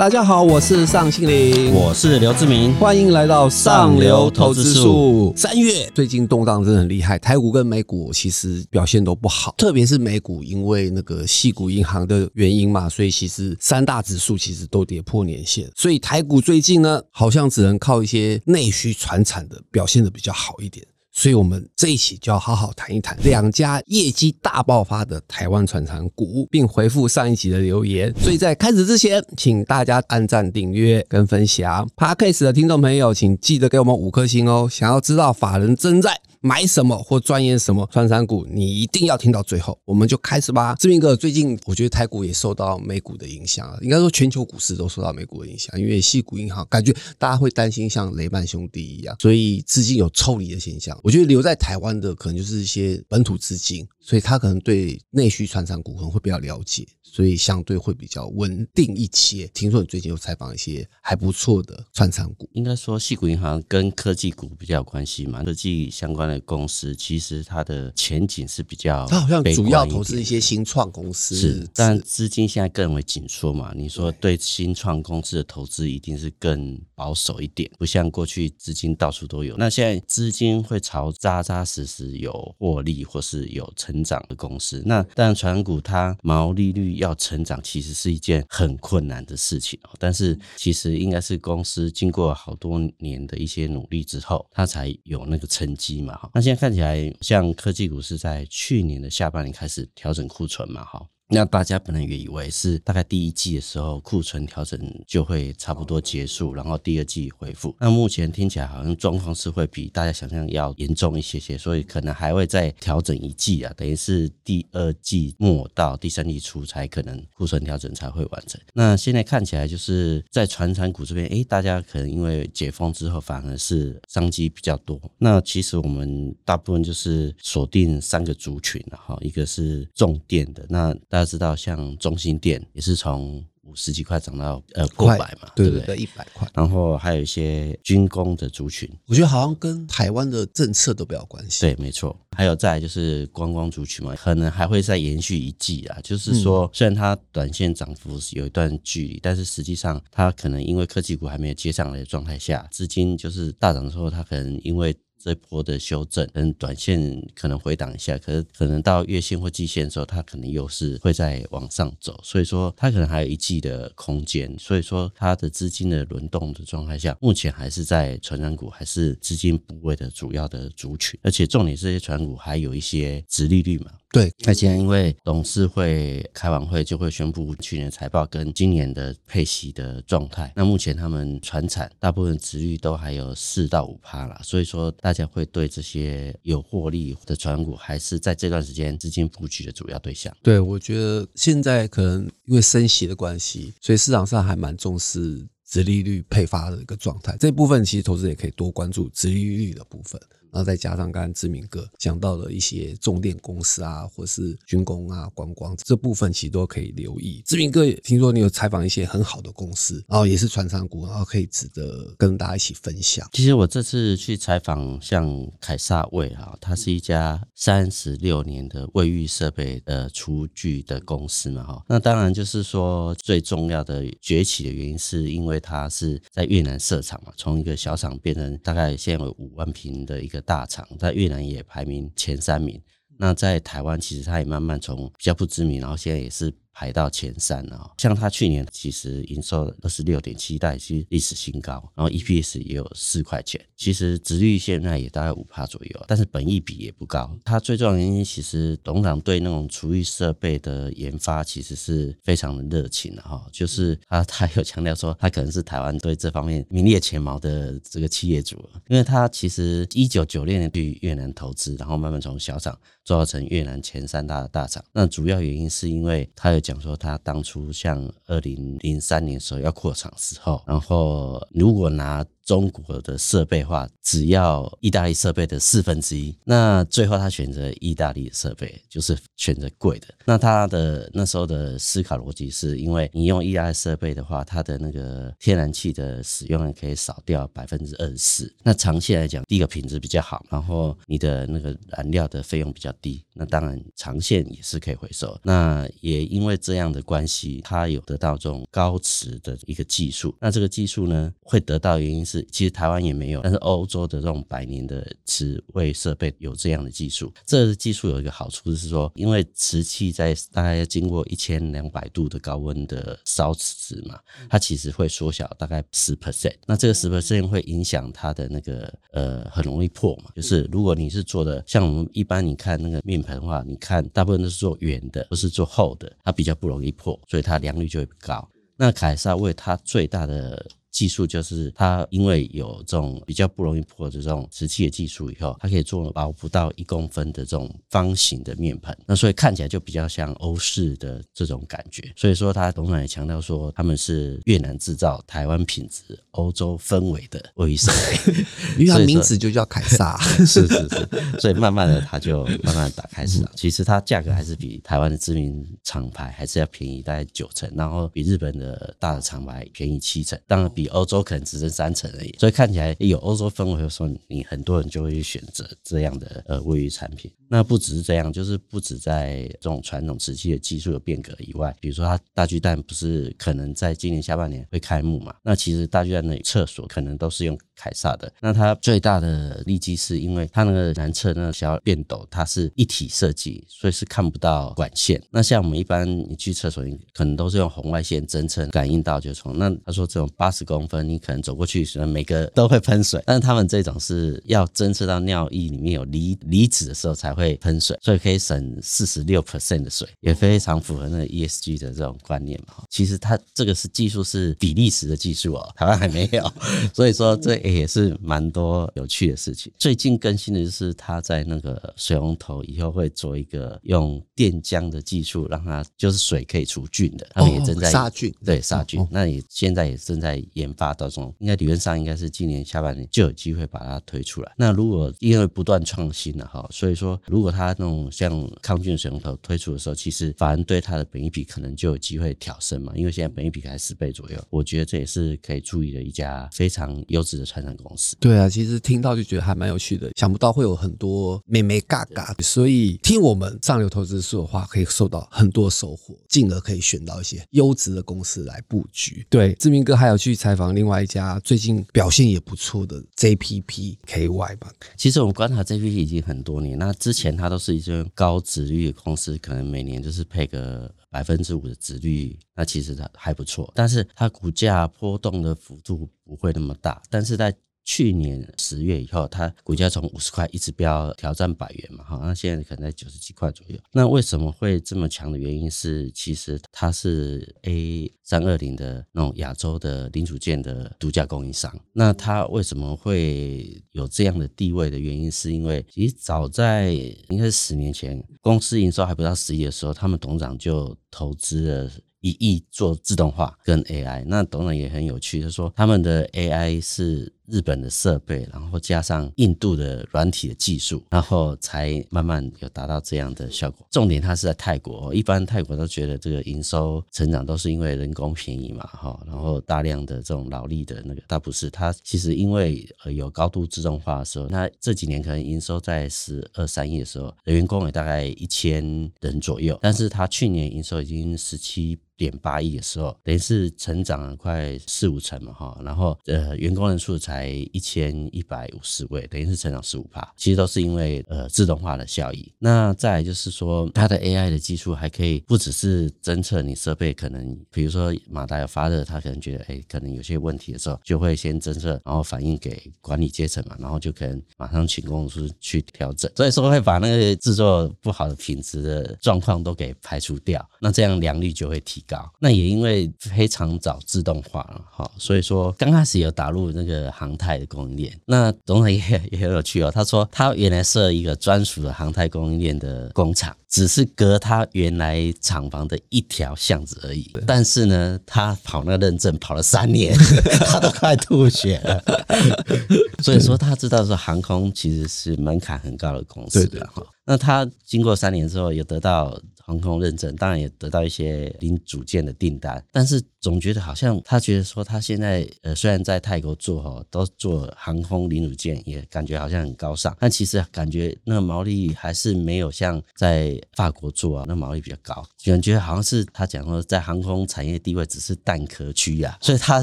大家好，我是尚清林，我是劉志明，歡迎來到上流投資術三月。最近動盪真的很厲害，台股跟美股其實表現都不好，特別是美股，因為那個矽谷銀行的原因嘛，所以其實三大指數其實都跌破年線。所以台股最近呢，好像只能靠一些內需傳、傳產的表現的比較好一點。所以，我們這一期就要好好談一談兩家業績大爆發的台灣傳產股，並回復上一集的留言。所以在開始之前，請大家按讚、訂閱跟分享。Podcast 的聽眾朋友，請記得給我們五顆星哦。想要知道法人真在，買什麼或鑽研什麼傳產股，你一定要聽到最後。我們就開始吧。志明哥，最近我覺得台股也受到美股的影響了，應該說全球股市都受到美股的影響，因為矽谷銀行感覺大家會擔心像雷曼兄弟一樣，所以資金有抽離的現象。我覺得留在台灣的可能就是一些本土資金，所以他可能對內需傳產股可能會比較了解，所以相對會比較穩定一些。聽說你最近有採訪一些還不錯的傳產股，應該說矽谷銀行跟科技股比較有關係嘛，科技相關。那公司其實它的前景是比較，它好像主要投資一些新創公司，是，但資金現在更為緊縮嘛，你說對新創公司的投資一定是更。保守一點，不像過去資金到處都有。那現在資金會朝扎扎實實有獲利或是有成長的公司。那但傳產股它毛利率要成長，其實是一件很困難的事情。但是其實應該是公司經過了好多年的一些努力之後，它才有那個成績嘛哈。那現在看起來，像科技股是在去年的下半年開始調整庫存嘛哈。那大家本來也以為是大概第一季的時候庫存調整就會差不多結束，然後第二季恢復。那目前聽起來好像狀況是會比大家想象要嚴重一些些，所以可能還會再調整一季啊，等於是第二季末到第三季初才可能庫存調整才會完成。那現在看起來就是在傳產股這邊，誒、欸，大家可能因為解封之後反而是商機比較多。那其實我們大部分就是鎖定三個族群、啊，然後一個是重電的，那。要知道，像中興電也是從五十幾塊漲到呃過百嘛，對不對？對？一百塊。然後還有一些軍工的族群，我覺得好像跟台灣的政策都比較關係。對，沒錯。還有再來就是觀光族群嘛，可能還會再延續一季啊。就是說，雖然它短線漲幅有一段距離，嗯，但是實際上它可能因為科技股還沒有接上來的狀態下，資金就是大漲的時候，它可能因為。這波的修正，等短線可能回檔一下，可是可能到月線或季線的時候，它可能又是會再往上走，所以說它可能還有一季的空間。所以說它的資金的輪動的狀態下，目前還是在傳產股，還是資金部位的主要的族群，而且重點這些傳產股還有一些殖利率嘛。對，那今天因為董事會開完會就會宣布去年的財報跟今年的配息的狀態，那目前他們傳產大部分殖利率都還有四到五趴啦，所以說大家會對這些有獲利的傳股還是在這段時間資金布局的主要對象。對，我覺得現在可能因為升息的關係，所以市場上還蠻重視殖利率配發的一個狀態，這部分其實投資者也可以多關注殖利率的部分。然後再加上剛剛志明哥講到了一些重點公司啊，或者是軍工啊、觀光這部分，其實都可以留意。志明哥也聽說你有採訪一些很好的公司，然後也是傳產股，然後可以值得跟大家一起分享。其實我這次去採訪像凱撒衛啊，它是一家三十六年的衛浴設備的廚具的公司嘛哈。那當然就是說最重要的崛起的原因，是因為它是在越南設廠嘛，從一個小廠變成大概現在有五萬平的一個，大廠在越南也排名前三名，那在台灣其實他也慢慢從比較不知名，然後現在也是，排到前三了，像他去年其實營收二十六點七億，其實歷史新高，然後 EPS 也有四塊錢，其實殖利率現在也大概五趴左右，但是本益比也不高。他最重要的原因其實董事長對那種廚具設備的研發其實是非常的熱情的哈，就是他他有強調說他可能是台灣對這方面名列前茅的這個企業主，因為他其實一九九六年去越南投資，然後慢慢從小廠做到成越南前三大的大廠，那主要原因是因為他有。講說，他當初像二零零三年時候要擴廠時候，然後如果拿中國的設備的話，只要意大利設備的四分之一，那最後他選擇意大利的設備，就是選擇貴的。那他的那時候的思考邏輯是因為你用意大利設備的話，它的那個天然氣的使用量可以少掉百分之二十四。那長期來講，第一個品質比較好，然後你的那個燃料的費用比較低。那當然，長線也是可以回收。那也因為這樣的關係，它有得到這種高磁的一個技術。那這個技術呢，會得到原因。是，其實台灣也沒有，但是歐洲的這種百年的瓷衛設備有這樣的技術。這個技術有一個好處就是說，因為瓷器在大概要經過一千兩百度的高溫的燒瓷嘛，它其實會縮小大概十 percent。那這個十 percent 會影響它的那個呃，很容易破嘛。就是如果你是做的像我們一般，你看那個面盆的話，你看大部分都是做圓的，不是做厚的，它比較不容易破，所以它良率就會高。那凱撒衛它最大的技術就是它，因為有這種比較不容易破的這種瓷器的技術以後，它可以做了薄不到一公分的這種方形的面盆，那所以看起來就比較像歐式的這種感覺。所以說，它董總也強調說，他們是越南製造、台灣品質、歐洲氛圍的衛浴設備， 因為它名字就叫凱撒 以說， 是，是是是。所以慢慢的，它就慢慢打開市場、嗯。其實它價格還是比台灣的知名廠牌還是要便宜大概九成，然後比日本的大的廠牌便宜七成，當然比。歐洲可能只剩三層而已，所以看起來有歐洲氛圍的時候，你很多人就會去選擇這樣的呃衛浴產品。那不只是這樣，就是不止在這種傳統瓷器的技術的變革以外，比如說，它大巨蛋不是可能在今年下半年會開幕嘛？那其實大巨蛋的廁所可能都是用凱撒的。那它最大的利基是因為它那個男廁那個小便斗，它是一體設計，所以是看不到管線。那像我們一般你去廁所，你可能都是用紅外線偵測感應到就沖，那他說這種八十公分，你可能走過去，可能每個都會噴水。但是他們這種是要偵測到尿液裡面有離離子的時候才會。會噴水，所以可以省四十六 percent 的水，也非常符合那個 ESG 的這種觀念。其實它，這個是技術是比利時的技術哦，台灣還沒有，所以說這也是蠻多有趣的事情。最近更新的就是它在那個水龍頭以後會做一個用電漿的技術，讓它就是水可以除菌的。他們也正在殺菌，對，殺菌。那也現在也正在研發當中，應該理論上應該是今年下半年就有機會把它推出來。那如果因為不斷創新了哈，所以說。如果他那種像抗菌水龍頭推出的時候，其實法人對他的本益比可能就有機會調升嘛，因為現在本益比還十倍左右，我覺得這也是可以注意的一家非常優質的傳產公司。對啊，其實聽到就覺得還蠻有趣的，想不到會有很多眉眉角角，所以聽我們上流投資術的話，可以受到很多收穫，進而可以選到一些優質的公司來布局。對，志明哥還有去採訪另外一家最近表現也不錯的 JPPKY 吧？其實我們觀察 JPP 已經很多年，那之前。以前它都是一些高值率的公司，可能每年就是配個百分之五的值率，那其實它還不錯，但是它股價波動的幅度不會那麼大，但是在。去年十月以後，它股價從五十塊一直飆挑戰百元嘛，好，那現在可能在九十幾塊左右。那為什麼會這麼強的原因是，其實它是 A 三二零的那種亞洲的零組件的獨家供應商。那它為什麼會有這樣的地位的原因，是因為其實早在應該是十年前，公司營收還不到十億的時候，他們董事長就投資了一億做自動化跟 AI。那董事長也很有趣，他說他們的 AI 是。日本的設備，然後加上印度的軟體的技術，然後才慢慢有達到這樣的效果。重點它是在泰國，一般泰國都覺得這個營收成長都是因為人工便宜嘛，哈，然後大量的這種勞力的那個，倒不是，它其實因為呃有高度自動化的時候，那這幾年可能營收在十二三億的時候，人員工也大概一千人左右，但是它去年營收已經十七點八億的時候，等於是成長了快四五成嘛，哈，然後呃員工人數才來一千一百五十位，等於是成長十五帕，其實都是因為呃自動化的效益。那再來就是說，它的 AI 的技術還可以不只是偵測你設備可能，比如說馬達有發熱，它可能覺得哎、欸，可能有些問題的時候，就會先偵測，然後反映給管理階層嘛，然後就可能馬上請工程師去調整。所以說會把那個製作不好的品質的狀況都給排除掉，那這樣良率就會提高。那也因為非常早自動化了，哈、哦，所以說剛開始有打入那個行。航太的供應鏈，那董海也也很有趣哦。他說他原來設一個專屬的航太供應鏈的工廠，只是隔他原來廠房的一條巷子而已。但是呢，他跑那個認證跑了三年， 他都快吐血了。 所以說他知道說航空其實是門檻很高的公司對。對、啊、的那他經過三年之後，也得到航空認證，當然也得到一些零組件的訂單，但是。總覺得好像他覺得說他現在呃雖然在泰國做哈都做航空零組件，也感覺好像很高尚，但其實感覺那個毛利還是沒有像在法國做啊，那毛利比較高。感覺好像是他講說在航空產業地位只是蛋殼區啊，所以他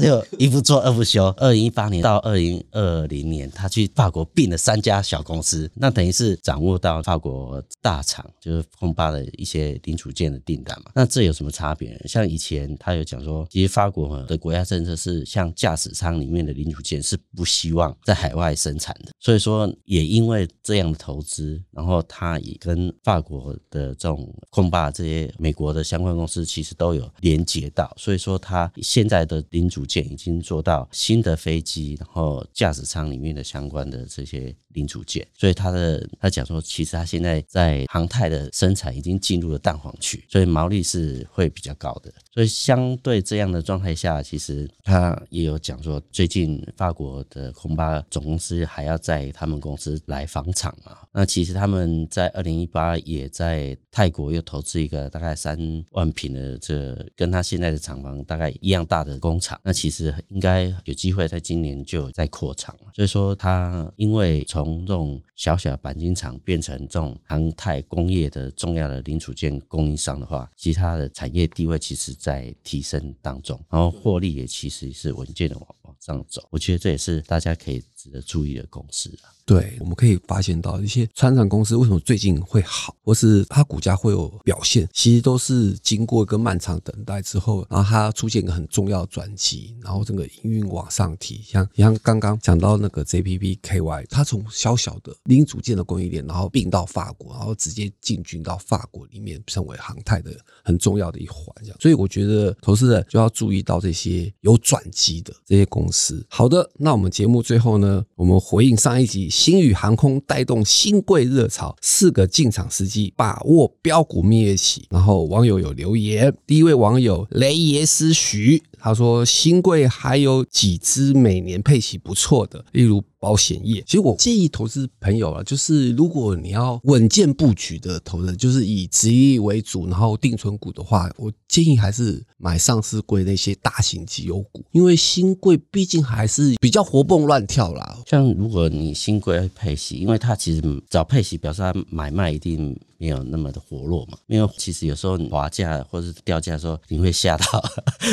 就一不做二不休。二零一八年到二零二零年，他去法國併了三家小公司，那等於是掌握到法國大廠就是空巴的一些零組件的訂單嘛。那這有什麼差別？像以前他有講說。其實法國的國家政策是，像駕駛艙裡面的零組件是不希望在海外生產的，所以說也因為這樣的投資，然後他也跟法國的這種空巴這些美國的相關公司其實都有連接到，所以說他現在的零組件已經做到新的飛機，然後駕駛艙裡面的相關的這些零組件，所以他的他講說，其實他現在在航太的生產已經進入了蛋黃區，所以毛利是會比較高的，所以相對這。這樣的狀態下，其實他也有講說，最近法國的空巴總公司還要在他們公司來訪廠啊那其實他們在二零一八也在泰國又投資一個大概三萬坪的這個、跟他現在的廠房大概一樣大的工廠。那其實應該有機會在今年就有再擴廠。所以說，他因為從這種小小的钣金廠變成這種航太工業的重要的零組件供應商的話，其實他的產業地位其實在提升。當中，然後獲利也其實是穩健的往往上走，我覺得這也是大家可以的注意的公司啊，對，我們可以發現到一些傳產公司為什麼最近會好，或是它股價會有表現，其實都是經過一個漫長等待之後，然後它出現一個很重要的轉機，然後整個營運往上提。像像剛剛講到那個 JPPKY，它從小小的零組件的供應鏈，然後併到法國，然後直接進軍到法國裡面成為航太的很重要的一環。所以我覺得投資人就要注意到這些有轉機的這些公司。好的，那我們節目最後呢，我們回應上一集，星宇航空帶動新貴熱潮，四個進場時機，把握標股蜜月期。然後網友有留言，第一位網友雷耶斯徐。他說，“興櫃，還有幾隻每年配息不錯的，例如保險業。其實我建議投資朋友啊，就是如果你要穩健布局的投資，就是以職業為主，然後定存股的話，我建議還是買上市櫃那些大型績優股，因為興櫃畢竟還是比較活蹦亂跳啦。像如果你興櫃要配息，因為它其實找配息表示它買賣一定。”沒有那麼的活絡嘛。因為其實有時候你滑價，或者掉價的時候，你會嚇到。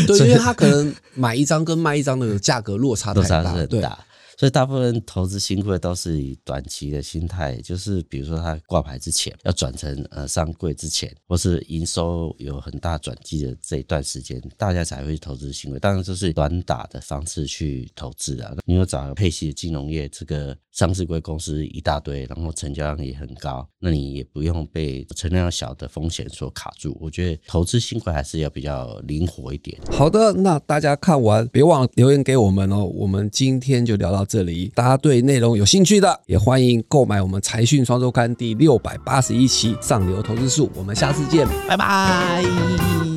對， 因為他可能買一張跟賣一張的價格落差太大，落差是很大，對，所以大部分投資興櫃，都是以短期的心態，就是比如說他掛牌之前，要轉成呃上櫃之前，或是營收有很大轉機的這一段時間，大家才會投資興櫃，當然就是短打的方式去投資的啊。你有找配息的金融業這個。上市櫃公司一大堆，然後成交量也很高，那你也不用被成交量小的風險所卡住。我覺得投資新貴還是要比較靈活一點。好的，那大家看完別忘了留言給我們哦。我們今天就聊到這裡，大家對內容有興趣的也歡迎購買我們財訊雙週刊第六百八十一期《上流投資術》。我們下次見，拜拜。拜拜。